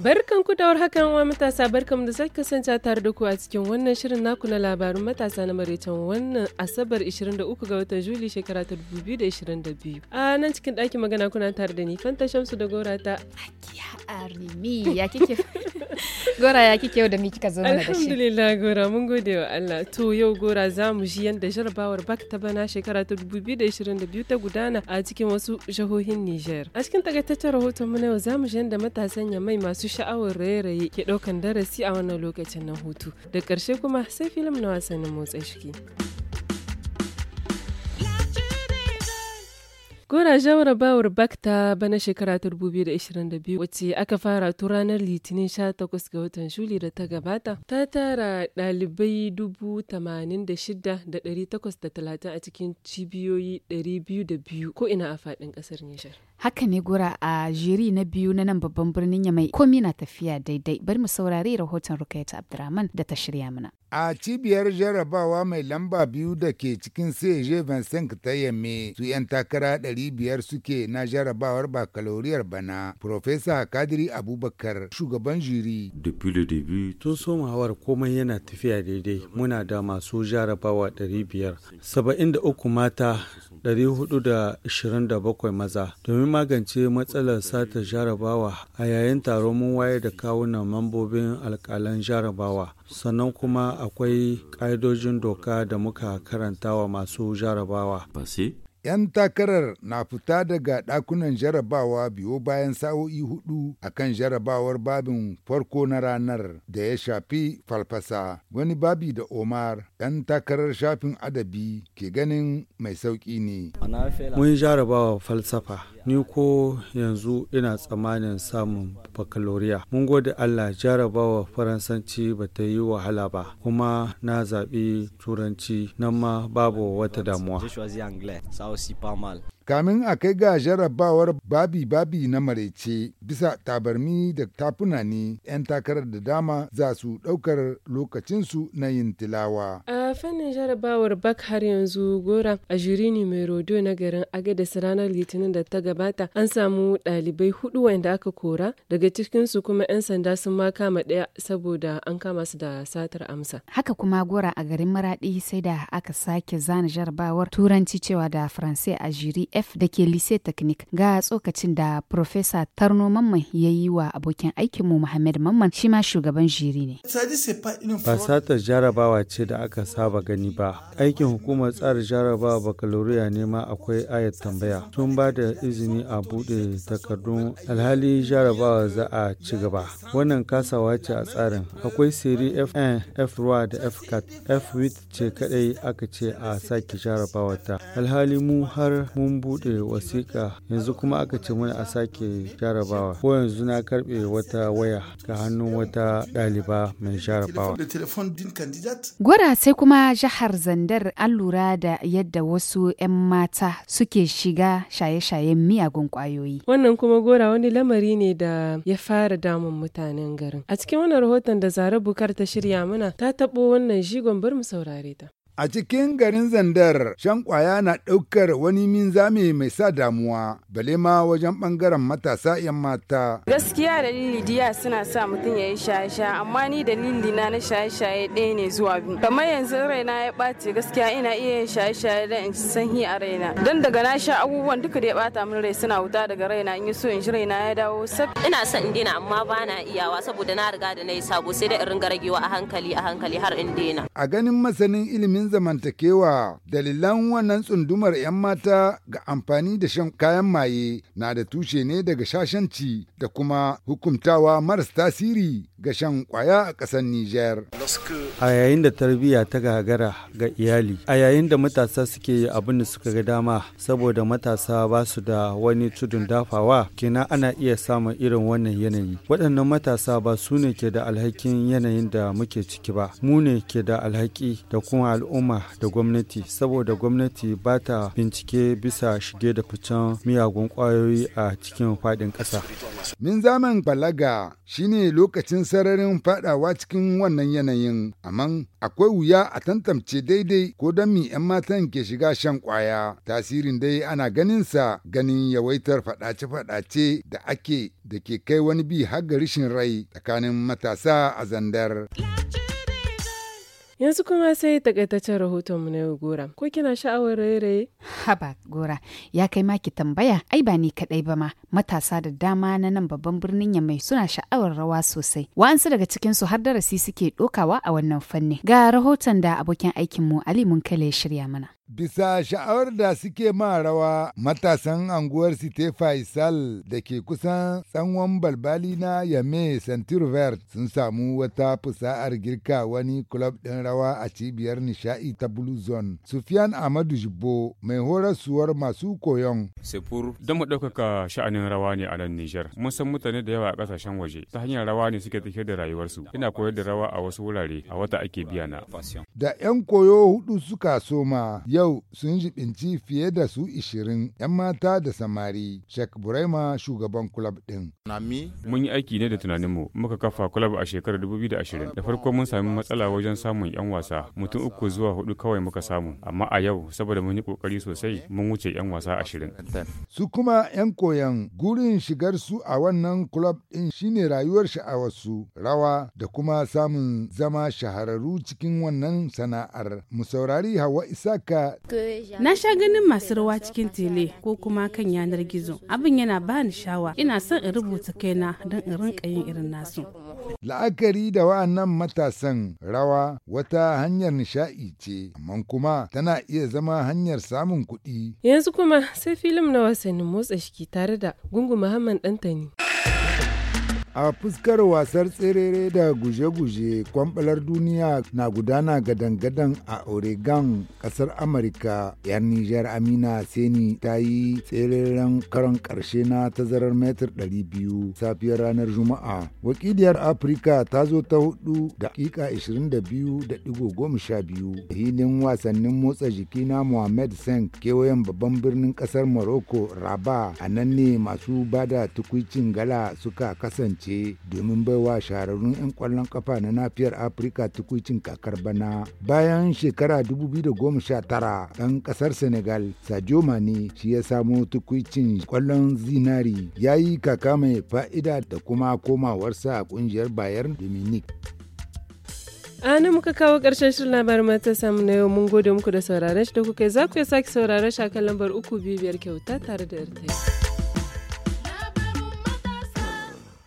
Barkan ku da hakan wa matasa barkan da sake kasance tare da ku a cikin wannan shirin naku na labarin matasa na maraicen wannan Asabar 23 ga watan Juli shekara ta 2022. A nan cikin ɗakin magana kuna tare da ni Fanta Shamsu da Gora ta. Akiya Arimi ya kike. Gora ya kike yau da miki ka zo mana da shi. Alhamdulillah Gora mun gode wa Allah. To yau Gora za mu ji yadda jarabawar bak ta bana shekara ta 2022 ta gudana a cikin wasu jihohin Niger. A cikin takaitaccen rahoton mu na yau za mu ji yadda matasan yamai masu sha'awar raye-raye ke daukan darasi a wannan lokacin na hutu. Da karshe kuma sai filim na wasannin motsa shiki. Jawara rabawar Bakta bana shekara ta 2022 wacce aka fara tu ranar Litinin 18 ga watan Juli da ta gabata ta tara ɗalibai 86,830 a cikin cibiyoyi 202 ko ina a faɗin ƙasar Nishar. Haka ne gura a jiri na biyu na nan babban birnin ya mai komi na tafiya daidai bari mu saurari rahoton Rukaita Abdurrahman da ta shirya mana. A cibiyar jarrabawa mai lamba biyu da ke cikin Seje Vincent ta yamme su 'yan takara 500 suke na jarabawar bakaloriyar bana. Profesa Kadiri Abubakar shugaban jiri. Tun somawar komai yana tafiya daidai muna da masu jarrabawa 500, 73 mata 427 maza domin magance matsalar sata jarabawa a yayin taron mun waye da kawunan mambobin alkalan jarabawa sannan kuma akwai ƙa'idojin doka da muka karanta wa masu jarabawa. 'Yan takarar na fita daga ɗakunan jarabawa biyo bayan sa'o'i hudu a kan jarabawar babin farko na ranar da ya shafi falfasa wani babi da Omar 'yan takarar shafin adabi ke ganin mai sauƙi ne. Mun jarabawa falsafa ni ko yanzu ina tsammanin samun bakaloriya mun gode allah jarabawa faransanci ba ta yi wahala ba kuma na zaɓi turanci nan ma babu wata damuwa kamin a kai ga jarrabawar babi-babi na maraice bisa tabarmi da tafuna ne 'yan takarar da dama za su ɗaukar lokacinsu na yin tilawa. A fannin jarrabawar bak har yanzu gora a jiri ne mai rodo na garin da ranar litinin da ta gabata an samu ɗalibai hudu wanda aka kora daga cikinsu kuma 'yan sanda sun ma kama ɗaya saboda an kama su da satar amsa. Haka kuma gora a garin maraɗi sai da aka sake zana jarabawar turanci cewa da faransai a jiri F da ke Lise Technique ga tsokacin da Profesa Tarno Mamman ya yi wa abokin aikinmu Muhammad Mamman shi ma shugaban jiri ne. Ba satar jarabawa ce da aka saba gani ba. Aikin hukumar tsarin jarabawa bakaloriya ne ma akwai ayat tambaya. Tun ba da izini a buɗe takardun alhali jarabawa za a ci gaba. Wannan kasawa ce a tsarin. Akwai siri FN, FRUA da FCAT. FWIT ce kadai aka ce a sake jarabawa ta. Alhali mu har mun buɗe wasiƙa yanzu kuma aka ce mana a sake jarabawa ko yanzu na karɓe wata waya ga hannun wata ɗaliba mai jarabawa. Gwada sai kuma jihar Zandar an lura da yadda wasu 'yan mata suke shiga shaye-shayen miyagun ƙwayoyi. Wannan kuma gora wani lamari ne da ya fara damun mutanen garin. A cikin wannan rahoton da Zara Bukar ta shirya mana ta taɓo wannan shigon bar mu saurare ta. A cikin garin Zandar, shan kwaya na ɗaukar wani minzame mai sa damuwa, bale ma wajen bangaren matasa 'yan mata. Gaskiya dalili diya suna sa mutum ya yi shaye-shaye, amma ni dalili na na shaye-shaye ɗaya ne zuwa biyu. Kamar yanzu raina ya ɓace gaskiya ina iya yin shaye-shaye da in ci sanyi a raina. Don daga na sha abubuwan duka da ya ɓata min rai suna wuta daga raina in yi so in ji raina ya dawo. Ina son in dina amma ba na iyawa saboda na riga da na yi sabo sai da in ringa ragewa a hankali a hankali har in daina. A ganin masanin ilimin zamantakewa dalilan wannan tsundumar 'yan mata ga amfani da shan kayan maye na da tushe ne daga shashanci da kuma hukumtawa maras tasiri ga shan kwaya a ƙasar Nijar. A yayin da tarbiyya ta gagara ga iyali, a yayin da matasa suke yi abin da suka ga dama saboda matasa ba su da wani tudun dafawa, kina ana iya samun irin wannan yanayi. Waɗannan matasa ba su ne ke da alhakin yanayin da muke ciki ba, mu ne ke da alhaki da kuma al'umma da gwamnati saboda gwamnati ba ta bincike bisa shige da ficen miyagun kwayoyi a cikin faɗin ƙasa. Min zaman balaga shine lokacin sararin faɗawa cikin wannan yanayin, amma akwai wuya a tantance daidai ko don mi 'yan matan ke shiga shan kwaya. Tasirin dai ana ganinsa ganin yawaitar faɗace-faɗace da ake da ke kai wani bi har ga rashin rai tsakanin matasa a zandar. Yanzu kuma sai takaitaccen rahotonmu na yau gora. Ko kina sha'awar raye-raye? Haba gora, ya kai maki tambaya, ai ba ni kaɗai ba ma. Matasa da dama na nan babban birnin Yamai suna sha'awar rawa sosai. Wa'ansu daga cikin su har darasi suke ɗokawa a wannan fanni. Ga rahoton da abokin aikinmu Ali mun ya shirya mana. Bisa sha'awar da suke ma rawa matasan anguwar Site Faisal da ke kusan tsangon balbali na Yame Santirvert sun samu wata fusa'ar girka wani kulob ɗin rawa a cibiyar nishaɗi ta Blue Zone. Sufyan Ahmadu Jibbo mai horasuwar masu koyon. Sefur don mu ɗaukaka sha'anin rawa ne a nan Nijar. Mun san mutane da yawa a ƙasashen waje ta hanyar rawa ne suke tafiyar da rayuwarsu. Ina koyar da rawa a wasu wurare a wata ake biya na. Da 'yan koyo hudu suka soma yau yau sun jibinci fiye da su 20 'yan mata da samari Sheikh Burema shugaban kulab din. Mun yi aiki ne da tunaninmu muka kafa kulab a shekarar 2020 da farko mun sami matsala wajen samun 'yan wasa mutum uku zuwa hudu kawai muka samu amma a yau saboda mun yi kokari sosai mun wuce 'yan wasa 20. Su kuma 'yan koyan gurin shigar su a wannan kulab ɗin shine rayuwar sha'awarsu rawa da kuma samun zama shahararru cikin wannan sana'ar. Mu saurari Hawa Isaka Na sha ganin masu rawa cikin tele ko kuma kan yanar gizo. Abin yana ba ni shawa. Ina son in rubuta kaina don in rinka yin irin nasu. La'akari da wa'annan matasan rawa wata hanyar nishaɗi ce, amma kuma tana iya zama hanyar samun kuɗi. Yanzu kuma sai filim na wasannin motsa shiki tare da Gungu Muhammad ɗantani a fuskar wasar tserere da guje-guje kwamfalar duniya na gudana gadan-gadan a oregon kasar amurka yar nijar amina seni ta yi tsereren karon karshe na tazarar metar 200 safiyar ranar juma'a wakiliyar afirka ta zo ta hudu da kika 22.12 hilin wasannin motsa jiki na mohamed sen kewayen babban birnin kasar morocco raba a nan ne masu bada tukwicin gala suka kasance ce domin baiwa shahararrun 'yan kwallon kafa na nafiyar afirka tukucin kakar bana bayan shekara 2019 ɗan kasar senegal sadio mane shi ya samo tukucin kwallon zinari ya yi kaka mai fa'ida da kuma komawarsa a ƙungiyar bayern dominic a nan muka kawo ƙarshen shirin labarin mata samu na yau mun gode muku da sauraron shi da kuka za ku sake sauraron shi a kan lambar uku biyu biyar kyauta tare da irtai